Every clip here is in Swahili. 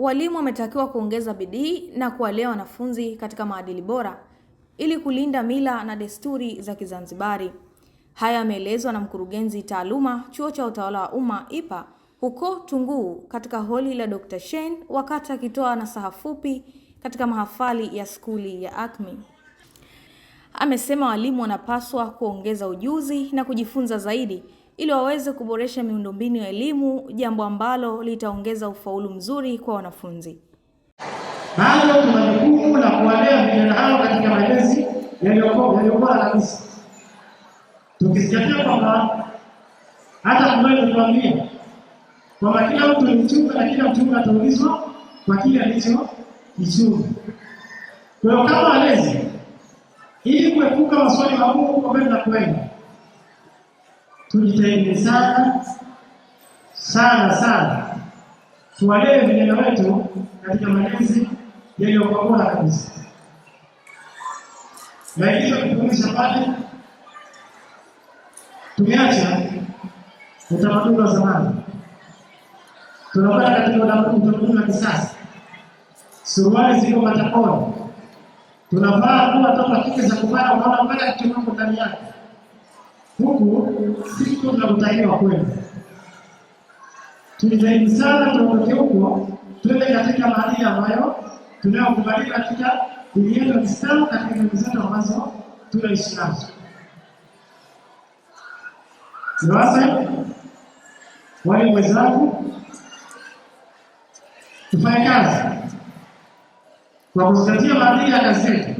Walimu wametakiwa kuongeza bidii na kuwalea wanafunzi katika maadili bora ili kulinda mila na desturi za Kizanzibari. Haya yameelezwa na mkurugenzi taaluma chuo cha utawala wa umma IPA huko Tunguu katika holi la Dr. Shein wakati akitoa nasaha fupi katika mahafali ya skuli ya ACMI. Amesema walimu wanapaswa kuongeza ujuzi na kujifunza zaidi ili waweze kuboresha miundombinu ya elimu, jambo ambalo litaongeza ufaulu mzuri kwa wanafunzi. Bado tuna jukumu la kuwalea vijana hao katika malezi yaliyokuwa bora kabisa, tukizingatia kwamba hata Mungu ametuambia kwamba kila mtu ni mchunga na kila mchunga ataulizwa kwa kile alichokichunga. Kwa hiyo kama walezi, ili kuepuka maswali magumu kwa kwenda kwenda tujitahidi sana sana sana tuwalee vijana wetu katika malezi yaliyokuwa bora kabisa. Naikiza kufundisha pale, tumeacha utamaduni wa zamani, tunakwenda katika utamaduni wa kisasa. Suruali ziko matakoni, tunavaa nguo toka kike za kuvaa, unaona mpaka kitu ndani yake huku sisi tunakutakiwa kwenda, tujitahidi sana tuondoke huko, twende katika maadili ambayo tunayokubalika katika dini yetu ya Kiislamu, katika jamii zetu ambazo tunaishi nazo. Sasa wale wenzangu, tufanye kazi kwa kuzingatia maadili ya kazi yetu.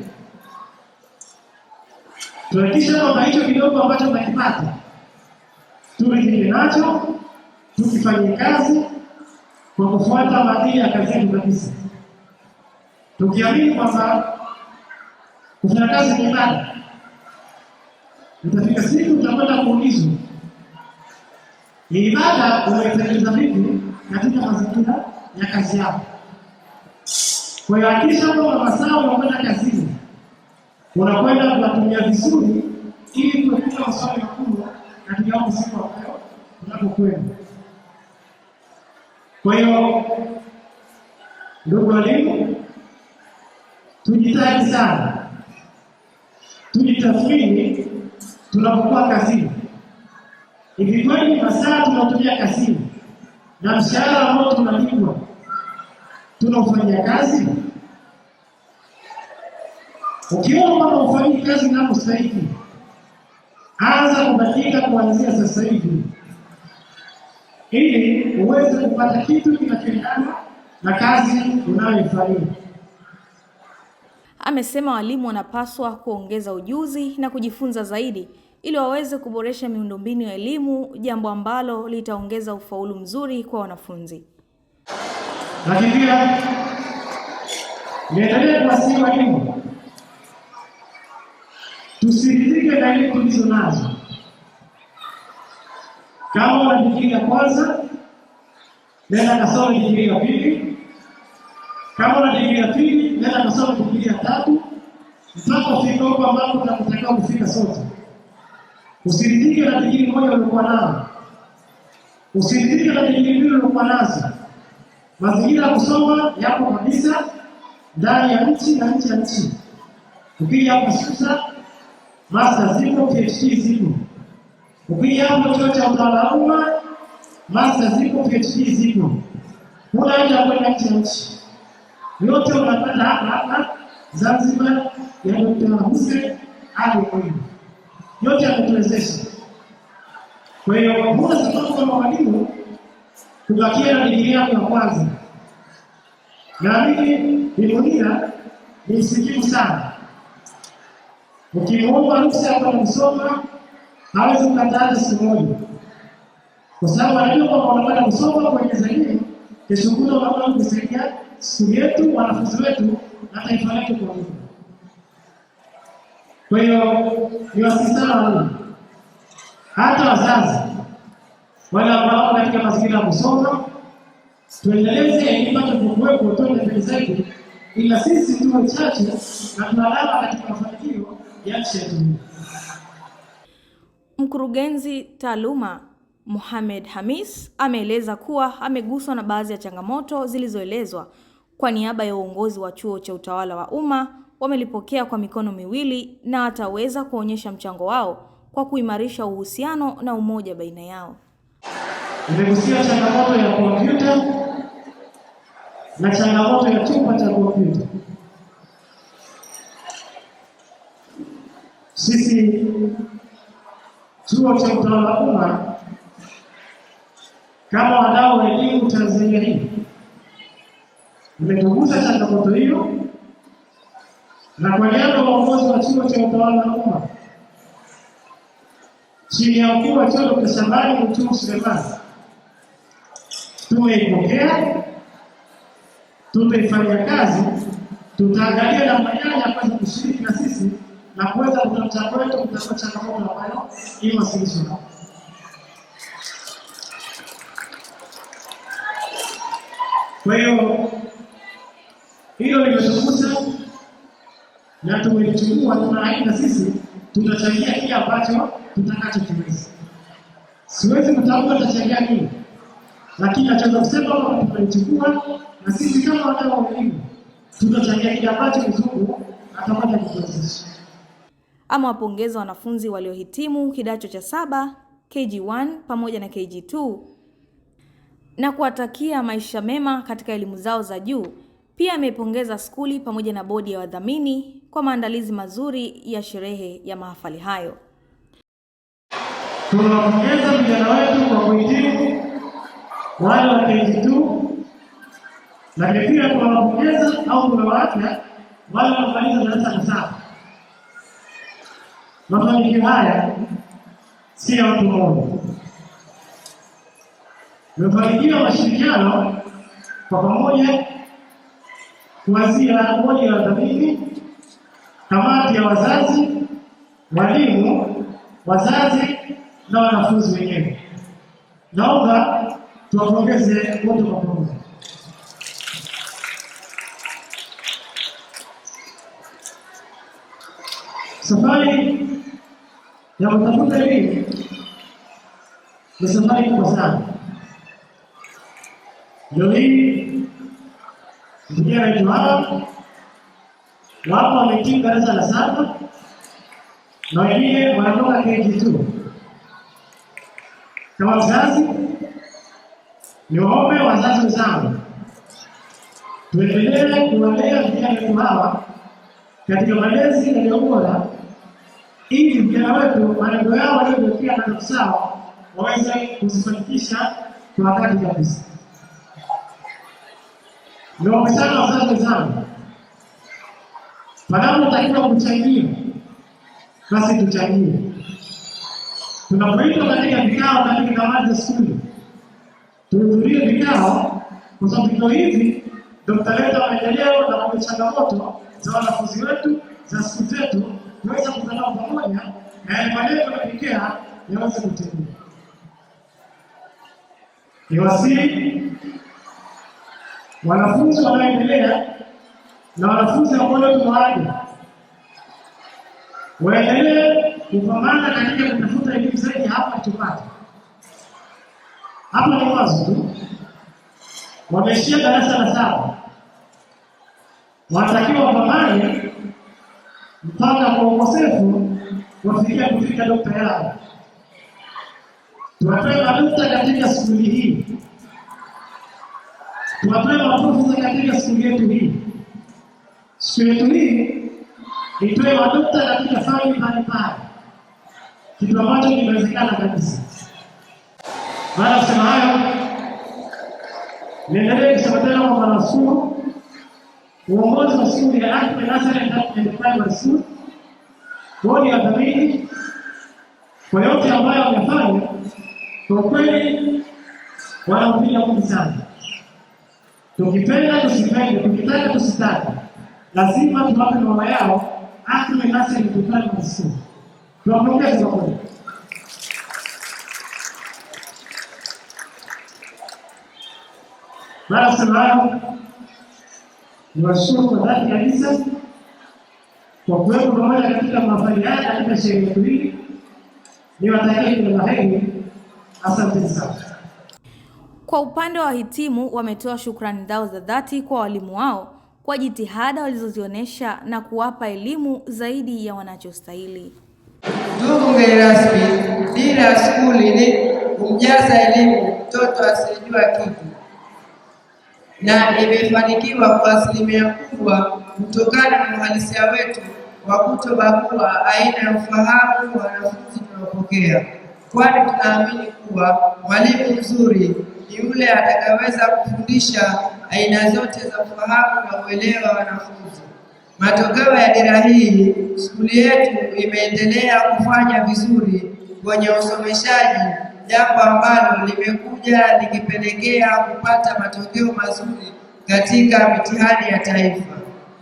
Tuhakikishe kwamba hicho kidogo ambacho tunakipata tuwe nacho, tukifanye kazi kwa kufuata maadili ya kazi yetu kabisa, tukiamini kwamba kufanya kazi ni ibada. Itafika siku tutakwenda kuulizwa ni ibada unaitekeleza vipi katika mazingira ya kazi yako. Kwa hiyo hakikisha kwamba masaa unakwenda kazini unakwenda kunatumia vizuri ili kuepuka maswali makubwa katika huu siku ambayo unapokwenda. Kwa hiyo ndugu walimu, tujitahidi sana, tujitathmini tunapokuwa kazini. Hivi kweli masaa tunatumia kazini na mshahara ambao tunalipwa tunaufanyia kazi? ukiomba kwamba ufanyi kazi nako sasa anza kubadilika kuanzia sasa hivi, ili uweze kupata kitu kinachoendana na kazi unayoifanyia. Amesema walimu wanapaswa kuongeza ujuzi na kujifunza zaidi ili waweze kuboresha miundombinu ya elimu, jambo ambalo litaongeza ufaulu mzuri kwa wanafunzi. Lakini pia niendelee kuwasihi walimu zile dalili nazo, kama unajikinga kwanza, nenda kasoma unajikinga pili, kama unajikinga pili, nenda kasoma unajikinga tatu, mpaka ufike huko ambapo tunatakiwa kufika sote. Usiridhike na digrii moja uliokuwa nao, usiridhike na digrii mbili uliokuwa nazo. Mazingira ya kusoma yapo kabisa ndani ya nchi na nje ya nchi, ukija hapa Masa zipo, PhD zipo. Ukija hapo chuo cha utaaluma, masa zipo, PhD zipo. Kuna kwenda nje ya nchi, yote unapata hapa hapa Zanzibar ya Dr. Hussein Ali Mwinyi, yote yanatuwezesha. Kwa hiyo hakuna sababu kama mwalimu kubakia na digrii yako ya kwanza, na mimi nimunia ni msikivu sana Ukimuomba mtu hapa kusoma hawezi kukataa siku moja, kwa sababu anajua kwamba wanapata kusoma kwenye zaidi kesukuna wanaa kusaidia siku yetu, wanafunzi wetu na taifa letu kwa Mungu. Kwa hiyo ni wasisana sana, hata wazazi wale ambao katika mazingira ya kusoma, tuendeleze elimu tukuwepo, tuende mbele zaidi, ila sisi tuwe chache na tunalala katika mafanikio. Mkurugenzi taaluma Mohamed Hamis ameeleza kuwa ameguswa na baadhi ya changamoto zilizoelezwa. Kwa niaba ya uongozi wa Chuo cha Utawala wa Umma, wamelipokea kwa mikono miwili na ataweza kuonyesha mchango wao kwa kuimarisha uhusiano na umoja baina yao. Nimegusia changamoto ya kompyuta na changamoto ya chumba cha kompyuta. Sisi chuo cha utawala umma kama wadau wa elimu Tanzania hii imetugusa changamoto hiyo, na kwa niaba ya uongozi wa chuo cha utawala umma chini ya mkuu wa chuo Dr. Shambani Mtume Sulemani, tumeipokea, tutaifanya kazi, tutaangalia na manyanya ambazo kushiriki na sisi na kuweza kutafuta kwetu kutakuwa changamoto ambayo hiyo sisi Kwa hiyo hilo limezungumza na tumelichukua, tunaenda sisi tutachangia kile ambacho tutakachokiweza. Siwezi kutamka tutachangia nini, lakini nachoweza kusema kwamba tumelichukua na sisi kama wadau wa elimu tutachangia kile ambacho mzungu atakwenda kutuwezesha ama wanafunzi waliohitimu kidato cha saba KG1 pamoja na KG2 na kuwatakia maisha mema katika elimu zao za juu. Pia ameipongeza skuli pamoja na bodi ya wadhamini kwa maandalizi mazuri ya sherehe ya mahafali hayo. Tunawapongeza vijana wetu kwa kuhitimu wale wa KG2, lakini pia tunawapongeza au tunawaacha wale wanaomaliza darasa la saba Mafanikio haya si ya mtu mmoja. Nimefanikiwa mashirikiano kwa pamoja kuanzia bodi ya wadhamini, kamati ya wazazi, walimu, wazazi na wanafunzi wenyewe. Naomba tuwapongeze wote kwa pamoja. Safari na utakuta hii ni safari kubwa sana. Ndio hii vijana wetu hawa wapo wametimu darasa la saba na wengine wanatoka keji tu. Kama mzazi, niwaombe wazazi wenzangu, tuendelee kuwalea vijana wetu hawa katika malezi yaliyo bora ili vijana wetu malengo yao walivyofikia nazo sawa waweze kuzifanikisha kwa wakati kabisa. Niwaombe sana wazazi zangu, panapotakiwa kuchangia basi tuchangie. Tunapoitwa katika vikao, katika kamati za tuhudhurie vikao, kwa sababu vikao hivi ndio vitaleta maendeleo na changamoto za wanafunzi wetu za siku zetu tunaweza kutanao pamoja na maneno yakitokea yaweze kutembea. Ni wanafunzi wanaendelea na wanafunzi ambao waendelee kupambana katika kutafuta elimu zaidi. Hapa tupate hapa ni mwanzo tu, wameishia darasa la saba, wanatakiwa wapambane mpaka kwa ukosefu wafikia kufika nukta yao. Tunapenda nukta katika skuli hii, tunapenda fursa katika skuli yetu hii. Skuli yetu hii itoe nukta katika fani mbalimbali, kitu ambacho kimewezekana kabisa. Baada ya kusema hayo, niendelee kusema tena kwa mwanasukuma uongozi wa siku ya darasa endelezaji wa shule, bodi ya dhamini, kwa yote ambayo wamefanya, kwa kweli wanaupiga ngumi sana. Tukipenda tusipende, tukitaka tusitake, lazima tuwape mama yao akinenase endelezaji wa shule. Tuwapongeze kwa kweli. Mara salamu niwashukuru kwa dhati kabisa kwa kuwepo pamoja katika mahafali haya katika sherehe yetu hii, niwatakie kila la heri. Asante sana. Kwa upande wa wahitimu, wametoa shukrani zao za dhati kwa walimu wao kwa jitihada walizozionyesha na kuwapa elimu zaidi ya wanachostahili. Ndugu mgeni rasmi, dira ya skuli ni kumjaza elimu mtoto asiyejua kitu na imefanikiwa kwa asilimia kubwa kutokana na uhalisia wetu wa kutobagua aina ya ufahamu wa wanafunzi tunaopokea, kwani tunaamini kuwa mwalimu mzuri ni yule atakayeweza kufundisha aina zote za ufahamu na uelewa wa wanafunzi. Matokeo ya dira hii, skuli yetu imeendelea kufanya vizuri kwenye usomeshaji jambo ambalo limekuja likipelekea kupata matokeo mazuri katika mitihani ya taifa.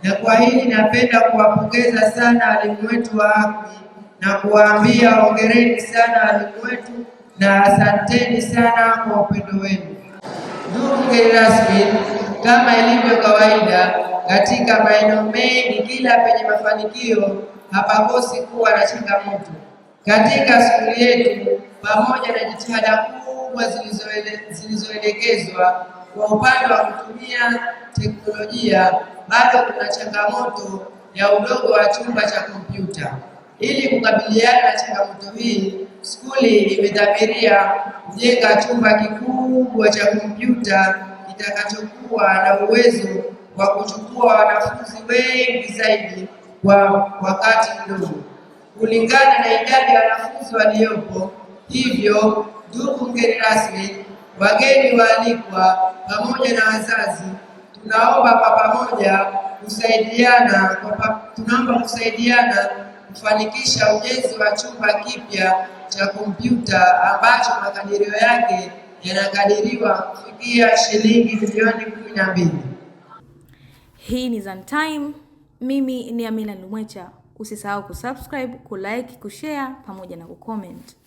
Na kwa hili napenda kuwapongeza sana walimu wetu wa haki na kuwaambia hongereni sana walimu wetu na asanteni sana kwa upendo wenu. Ndugu mgeni rasmi, kama ilivyo kawaida katika maeneo mengi, kila penye mafanikio hapakosi kuwa na changamoto katika skuli yetu pamoja na jitihada kubwa zilizoelekezwa kwa upande wa kutumia teknolojia, bado kuna changamoto ya udogo wa chumba cha kompyuta. Ili kukabiliana na changamoto hii, skuli imedhamiria kujenga chumba kikubwa cha kompyuta kitakachokuwa na uwezo wa kuchukua wanafunzi wengi zaidi kwa wakati mdogo kulingana na idadi ya wanafunzi waliopo. Hivyo, ndugu mgeni rasmi, wageni waalikwa, pamoja na wazazi, tunaomba kwa pamoja kusaidiana, tunaomba kusaidiana kufanikisha ujenzi wa chumba kipya cha kompyuta ambacho makadirio yake yanakadiriwa kufikia shilingi milioni kumi na mbili. Hii ni Zantime, mimi ni Amina Lumwecha. Usisahau kusubscribe, kulike, kushare pamoja na kucomment.